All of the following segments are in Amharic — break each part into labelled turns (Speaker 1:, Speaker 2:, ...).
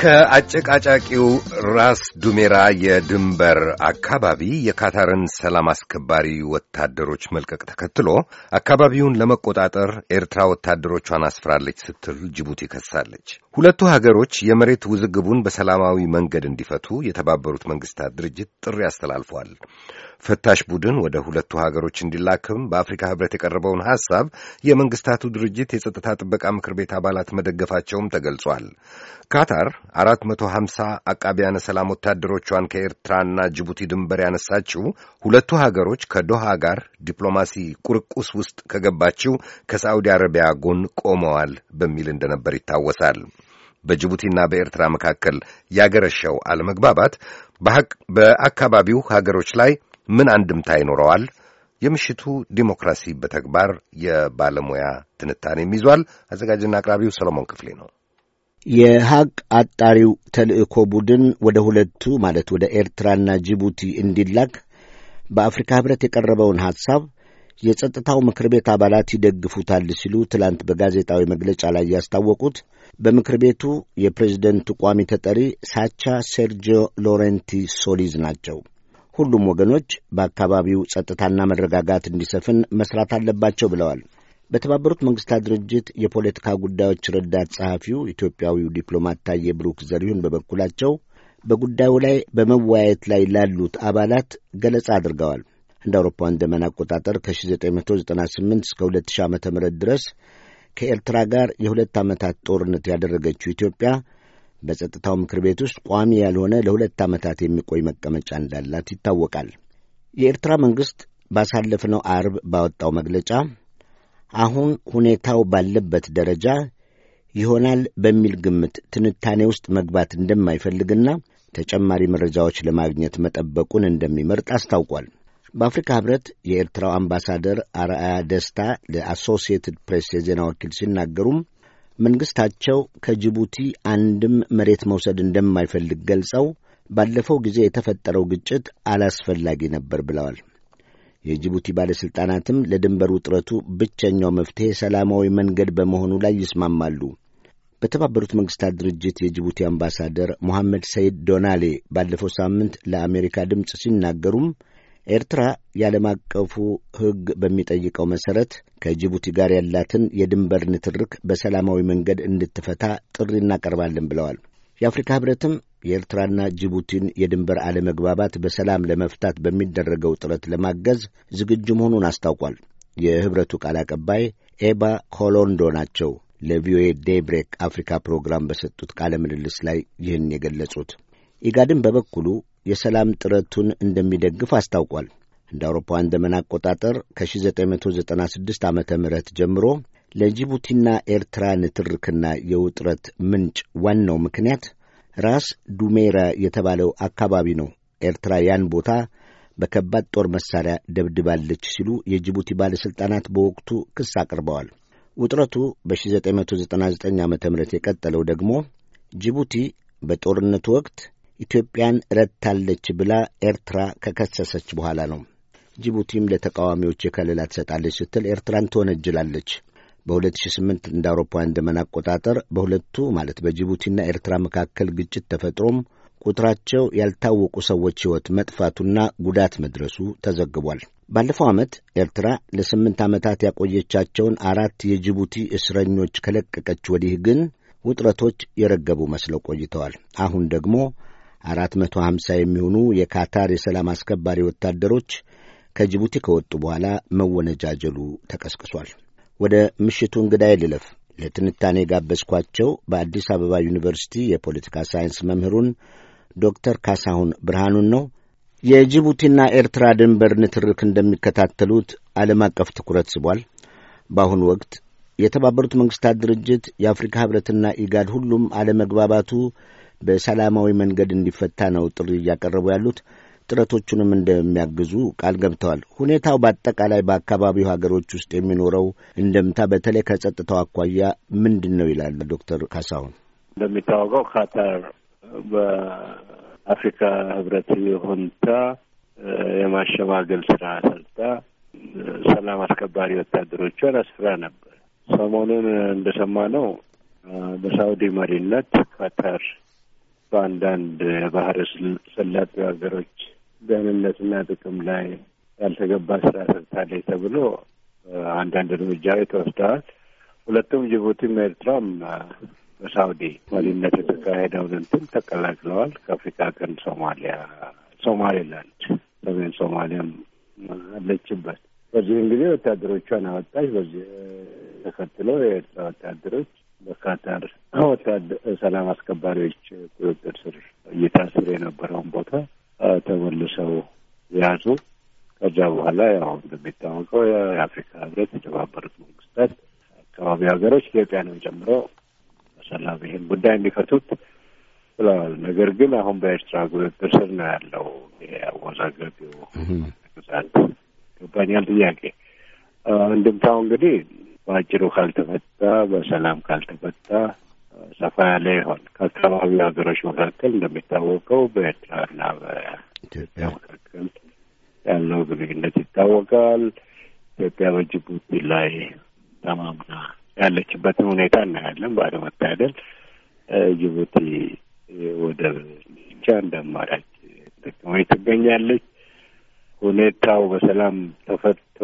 Speaker 1: ከአጨቃጫቂው ራስ ዱሜራ የድንበር አካባቢ የካታርን ሰላም አስከባሪ ወታደሮች መልቀቅ ተከትሎ አካባቢውን ለመቆጣጠር ኤርትራ ወታደሮቿን አስፍራለች ስትል ጅቡቲ ከሳለች። ሁለቱ ሀገሮች የመሬት ውዝግቡን በሰላማዊ መንገድ እንዲፈቱ የተባበሩት መንግስታት ድርጅት ጥሪ አስተላልፏል። ፈታሽ ቡድን ወደ ሁለቱ ሀገሮች እንዲላክም በአፍሪካ ህብረት የቀረበውን ሐሳብ የመንግስታቱ ድርጅት የጸጥታ ጥበቃ ምክር ቤት አባላት መደገፋቸውም ተገልጿል። ካታር አራት መቶ ሀምሳ አቃቢያነ ሰላም ወታደሮቿን ከኤርትራና ጅቡቲ ድንበር ያነሳችው ሁለቱ ሀገሮች ከዶሃ ጋር ዲፕሎማሲ ቁርቁስ ውስጥ ከገባችው ከሳዑዲ አረቢያ ጎን ቆመዋል በሚል እንደነበር ይታወሳል። በጅቡቲና በኤርትራ መካከል ያገረሸው አለመግባባት በአካባቢው ሀገሮች ላይ ምን አንድምታ ይኖረዋል? የምሽቱ ዲሞክራሲ በተግባር የባለሙያ ትንታኔም ይዟል። አዘጋጅና አቅራቢው ሰሎሞን ክፍሌ ነው።
Speaker 2: የሀቅ አጣሪው ተልእኮ ቡድን ወደ ሁለቱ ማለት ወደ ኤርትራና ጅቡቲ እንዲላክ በአፍሪካ ሕብረት የቀረበውን ሐሳብ የጸጥታው ምክር ቤት አባላት ይደግፉታል ሲሉ ትላንት በጋዜጣዊ መግለጫ ላይ ያስታወቁት በምክር ቤቱ የፕሬዝደንቱ ቋሚ ተጠሪ ሳቻ ሴርጂዮ ሎሬንቲ ሶሊዝ ናቸው። ሁሉም ወገኖች በአካባቢው ጸጥታና መረጋጋት እንዲሰፍን መስራት አለባቸው ብለዋል። በተባበሩት መንግስታት ድርጅት የፖለቲካ ጉዳዮች ረዳት ጸሐፊው ኢትዮጵያዊው ዲፕሎማት ታዬ ብሩክ ዘሪሁን በበኩላቸው በጉዳዩ ላይ በመወያየት ላይ ላሉት አባላት ገለጻ አድርገዋል። እንደ አውሮፓውያን ዘመን አቆጣጠር ከ1998 እስከ 2000 ዓ ም ድረስ ከኤርትራ ጋር የሁለት ዓመታት ጦርነት ያደረገችው ኢትዮጵያ በጸጥታው ምክር ቤት ውስጥ ቋሚ ያልሆነ ለሁለት ዓመታት የሚቆይ መቀመጫ እንዳላት ይታወቃል። የኤርትራ መንግሥት ባሳለፍነው አርብ ባወጣው መግለጫ አሁን ሁኔታው ባለበት ደረጃ ይሆናል በሚል ግምት ትንታኔ ውስጥ መግባት እንደማይፈልግና ተጨማሪ መረጃዎች ለማግኘት መጠበቁን እንደሚመርጥ አስታውቋል። በአፍሪካ ህብረት የኤርትራው አምባሳደር አርአያ ደስታ ለአሶሲየትድ ፕሬስ የዜና ወኪል ሲናገሩም መንግሥታቸው ከጅቡቲ አንድም መሬት መውሰድ እንደማይፈልግ ገልጸው ባለፈው ጊዜ የተፈጠረው ግጭት አላስፈላጊ ነበር ብለዋል። የጅቡቲ ባለሥልጣናትም ለድንበር ውጥረቱ ብቸኛው መፍትሔ ሰላማዊ መንገድ በመሆኑ ላይ ይስማማሉ። በተባበሩት መንግሥታት ድርጅት የጅቡቲ አምባሳደር ሞሐመድ ሰይድ ዶናሌ ባለፈው ሳምንት ለአሜሪካ ድምፅ ሲናገሩም ኤርትራ የዓለም አቀፉ ሕግ በሚጠይቀው መሠረት ከጅቡቲ ጋር ያላትን የድንበር ንትርክ በሰላማዊ መንገድ እንድትፈታ ጥሪ እናቀርባለን ብለዋል። የአፍሪካ ኅብረትም የኤርትራና ጅቡቲን የድንበር አለመግባባት በሰላም ለመፍታት በሚደረገው ጥረት ለማገዝ ዝግጁ መሆኑን አስታውቋል። የኅብረቱ ቃል አቀባይ ኤባ ኮሎንዶ ናቸው። ለቪኦኤ ዴይብሬክ አፍሪካ ፕሮግራም በሰጡት ቃለ ምልልስ ላይ ይህን የገለጹት ኢጋድን በበኩሉ የሰላም ጥረቱን እንደሚደግፍ አስታውቋል። እንደ አውሮፓውያን ዘመን አቆጣጠር ከ1996 ዓ ም ጀምሮ ለጅቡቲና ኤርትራ ንትርክና የውጥረት ምንጭ ዋናው ምክንያት ራስ ዱሜራ የተባለው አካባቢ ነው። ኤርትራ ያን ቦታ በከባድ ጦር መሳሪያ ደብድባለች ሲሉ የጅቡቲ ባለሥልጣናት በወቅቱ ክስ አቅርበዋል። ውጥረቱ በ1999 ዓ ም የቀጠለው ደግሞ ጅቡቲ በጦርነቱ ወቅት ኢትዮጵያን ረድታለች ብላ ኤርትራ ከከሰሰች በኋላ ነው። ጅቡቲም ለተቃዋሚዎች የከለላ ትሰጣለች ስትል ኤርትራን ትወነጅላለች። በ2008 እንደ አውሮፓውያን ዘመን አቆጣጠር በሁለቱ ማለት በጅቡቲና ኤርትራ መካከል ግጭት ተፈጥሮም ቁጥራቸው ያልታወቁ ሰዎች ሕይወት መጥፋቱና ጉዳት መድረሱ ተዘግቧል። ባለፈው ዓመት ኤርትራ ለስምንት ዓመታት ያቆየቻቸውን አራት የጅቡቲ እስረኞች ከለቀቀች ወዲህ ግን ውጥረቶች የረገቡ መስለው ቆይተዋል። አሁን ደግሞ አራት መቶ ሀምሳ የሚሆኑ የካታር የሰላም አስከባሪ ወታደሮች ከጅቡቲ ከወጡ በኋላ መወነጃጀሉ ተቀስቅሷል። ወደ ምሽቱ እንግዳ ልለፍ። ለትንታኔ ጋበዝኳቸው በአዲስ አበባ ዩኒቨርሲቲ የፖለቲካ ሳይንስ መምህሩን ዶክተር ካሳሁን ብርሃኑን ነው። የጅቡቲና ኤርትራ ድንበር ንትርክ እንደሚከታተሉት ዓለም አቀፍ ትኩረት ስቧል። በአሁኑ ወቅት የተባበሩት መንግሥታት ድርጅት፣ የአፍሪካ ኅብረትና ኢጋድ ሁሉም አለመግባባቱ በሰላማዊ መንገድ እንዲፈታ ነው ጥሪ እያቀረቡ ያሉት። ጥረቶቹንም እንደሚያግዙ ቃል ገብተዋል። ሁኔታው በአጠቃላይ በአካባቢው ሀገሮች ውስጥ የሚኖረው እንደምታ በተለይ ከጸጥታው አኳያ ምንድን ነው ይላል ዶክተር ካሳሁን?
Speaker 3: እንደሚታወቀው ካታር በአፍሪካ ህብረት ይሁንታ የማሸማገል ስራ ሰርታ ሰላም አስከባሪ ወታደሮቿን አስፍራ ነበር። ሰሞኑን እንደሰማ ነው። በሳውዲ መሪነት ካታር በአንዳንድ የባህረ ሰላጤው ሀገሮች ደህንነትና ጥቅም ላይ ያልተገባ ስራ ሰርታለች ተብሎ አንዳንድ እርምጃ ተወስደዋል። ሁለቱም ጅቡቲም ኤርትራም በሳውዲ መሪነት የተካሄደውን እንትን ተቀላቅለዋል። ከአፍሪካ ቀን ሶማሊያ ሶማሌላንድ ሰሜን ሶማሊያም አለችበት። በዚህም ጊዜ ወታደሮቿን አወጣች። በዚህ ተከትሎ የኤርትራ ወታደሮች በካታር ወታደ ሰላም አስከባሪዎች ቁጥጥር ስር እየታስር የነበረውን ቦታ ተመልሰው የያዙ። ከዛ በኋላ ያው እንደሚታወቀው የአፍሪካ ህብረት፣ የተባበሩት መንግስታት፣ አካባቢ ሀገሮች ኢትዮጵያንም ጨምሮ በሰላም ይህን ጉዳይ እንዲፈቱት ብለዋል። ነገር ግን አሁን በኤርትራ ቁጥጥር ስር ነው ያለው ይሄ አወዛጋቢው ግዛት ይገባኛል ጥያቄ እንድምታው እንግዲህ በአጭሩ ካልተፈታ፣ በሰላም ካልተፈታ ሰፋ ያለ ይሆን። ከአካባቢው ሀገሮች መካከል እንደሚታወቀው በኤርትራና በኢትዮጵያ መካከል ያለው ግንኙነት ይታወቃል። ኢትዮጵያ በጅቡቲ ላይ ተማምና ያለችበትን ሁኔታ እናያለን። ባለመታደል ጅቡቲ ወደ ብቻ እንደ አማራጭ ጥቅማ ትገኛለች። ሁኔታው በሰላም ተፈቶ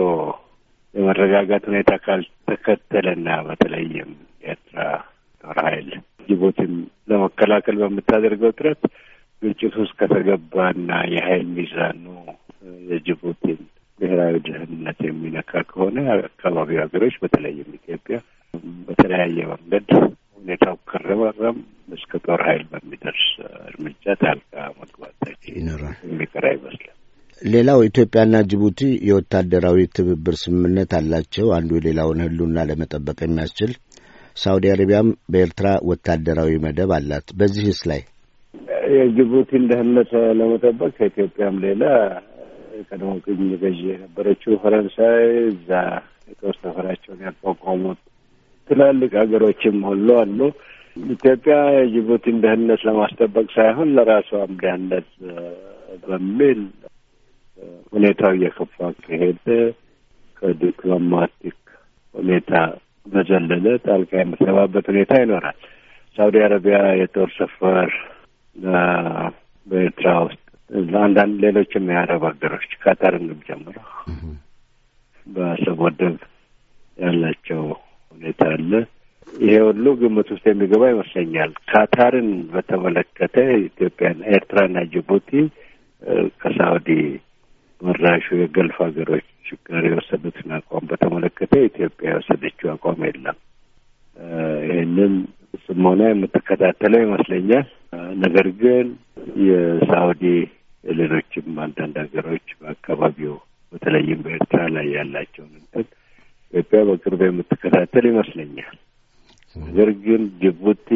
Speaker 3: የመረጋጋት ሁኔታ ካልተከተለና በተለይም ኤርትራ ጦር ኃይል ጅቡቲም ለመከላከል በምታደርገው ጥረት ግጭት ውስጥ ከተገባና የኃይል ሚዛኑ የጅቡቲን ብሔራዊ ደህንነት የሚነካ ከሆነ አካባቢው ሀገሮች በተለይም ኢትዮጵያ በተለያየ መንገድ ሁኔታው ከረበረም እስከ ጦር ኃይል በሚደርስ እርምጃ ጣልቃ መግባት የሚቀራ ይመስላል።
Speaker 2: ሌላው ኢትዮጵያና ጅቡቲ የወታደራዊ ትብብር ስምምነት አላቸው፣ አንዱ የሌላውን ሕልውና ለመጠበቅ የሚያስችል። ሳውዲ አረቢያም በኤርትራ ወታደራዊ መደብ አላት። በዚህስ ላይ
Speaker 3: የጅቡቲን ደህንነት ለመጠበቅ ከኢትዮጵያም ሌላ የቀድሞ ቅኝ ገዢ የነበረችው ፈረንሳይ እዛ የጦር ሰፈራቸውን ያቋቋሙት ትላልቅ ሀገሮችም ሁሉ አሉ። ኢትዮጵያ የጅቡቲን ደህንነት ለማስጠበቅ ሳይሆን ለራሷም ደህንነት በሚል ሁኔታው እየከፋ ከሄደ ከዲፕሎማቲክ ሁኔታ በዘለለ ጣልቃ የምትገባበት ሁኔታ ይኖራል። ሳውዲ አረቢያ የጦር ሰፈር በኤርትራ ውስጥ ለአንዳንድ ሌሎችም የአረብ ሀገሮች ካታር ጨምሮ በአሰብ ወደብ ያላቸው ሁኔታ አለ። ይሄ ሁሉ ግምት ውስጥ የሚገባ ይመስለኛል። ካታርን በተመለከተ ኢትዮጵያን፣ ኤርትራና ጅቡቲ ከሳውዲ መራሹ የገልፍ ሀገሮች ጋር የወሰዱትን አቋም በተመለከተ ኢትዮጵያ የወሰደችው አቋም የለም። ይህንን ሆነ የምትከታተለው ይመስለኛል። ነገር ግን የሳውዲ ሌሎችም አንዳንድ ሀገሮች በአካባቢው በተለይም በኤርትራ ላይ ያላቸውን እንትን ኢትዮጵያ በቅርብ የምትከታተል ይመስለኛል። ነገር ግን ጅቡቲ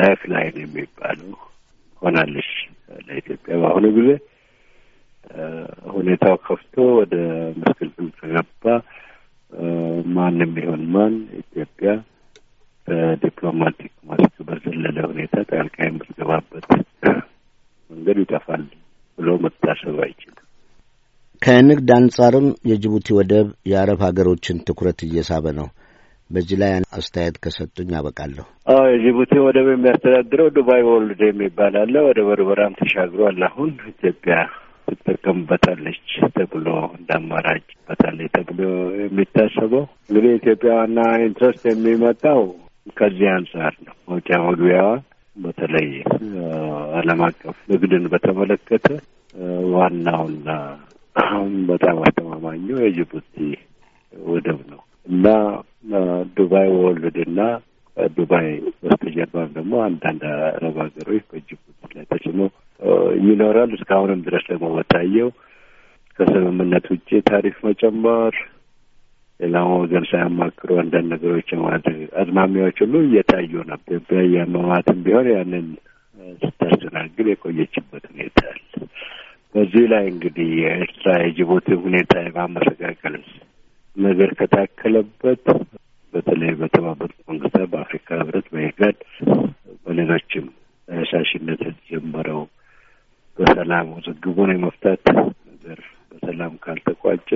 Speaker 3: ላይፍ ላይን የሚባለው ሆናለች ለኢትዮጵያ በአሁኑ ጊዜ ሁኔታው ከፍቶ ወደ ምስቅልቅል ከገባ ማንም ይሆን ማን ኢትዮጵያ በዲፕሎማቲክ ማስክ በዘለለ ሁኔታ ጣልቃ የምትገባበት መንገድ ይጠፋል ብሎ መታሰብ አይችልም።
Speaker 2: ከንግድ አንጻርም የጅቡቲ ወደብ የአረብ ሀገሮችን ትኩረት እየሳበ ነው። በዚህ ላይ አስተያየት ከሰጡኝ አበቃለሁ።
Speaker 3: አዎ የጅቡቲ ወደብ የሚያስተዳድረው ዱባይ ወርልድ የሚባል አለ። ወደ በርበራም ተሻግሯል። አሁን ኢትዮጵያ ትጠቀምበታለች ተብሎ እንደ አማራጭ በታለች ተብሎ የሚታሰበው እንግዲህ ኢትዮጵያ ዋና ኢንትረስት የሚመጣው ከዚህ አንጻር ነው። መውጫ መግቢያዋ በተለይ ዓለም አቀፍ ንግድን በተመለከተ ዋናውና በጣም አስተማማኙ የጅቡቲ ወደብ ነው እና ዱባይ ወልድና ዱባይ በስተጀርባም ደግሞ አንዳንድ አረብ ሀገሮች በጅቡቲ ይኖራል። እስካሁንም ድረስ ደግሞ መታየው ከስምምነት ውጭ ታሪፍ መጨመር፣ ሌላው ወገን ሳያማክሩ አንዳንድ ነገሮች ማድረግ አዝማሚያዎች ሁሉ እየታዩ ነበር። የመማትም ቢሆን ያንን ስታስተናግድ የቆየችበት ሁኔታ አለ። በዚህ ላይ እንግዲህ የኤርትራ የጅቡቲ ሁኔታ የማመሰጋገል ነገር ከታከለበት በተለይ በተባበሩት መንግስታት፣ በአፍሪካ ህብረት፣ በኢጋድ፣ በሌሎችም ተነሳሽነት የተጀመረው በሰላም ውዝግቡን የመፍታት ነገር በሰላም ካልተቋጨ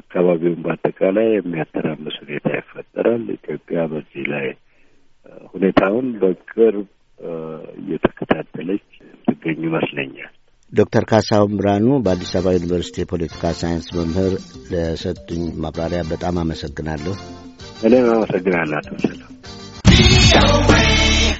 Speaker 3: አካባቢውን በአጠቃላይ የሚያተራምስ ሁኔታ ይፈጠራል። ኢትዮጵያ በዚህ ላይ ሁኔታውን በቅርብ እየተከታተለች ትገኝ ይመስለኛል።
Speaker 2: ዶክተር ካሳሁን ብርሃኑ በአዲስ አበባ ዩኒቨርሲቲ የፖለቲካ ሳይንስ መምህር ለሰጡኝ ማብራሪያ በጣም አመሰግናለሁ።
Speaker 3: እኔም አመሰግናለሁ። ሰላም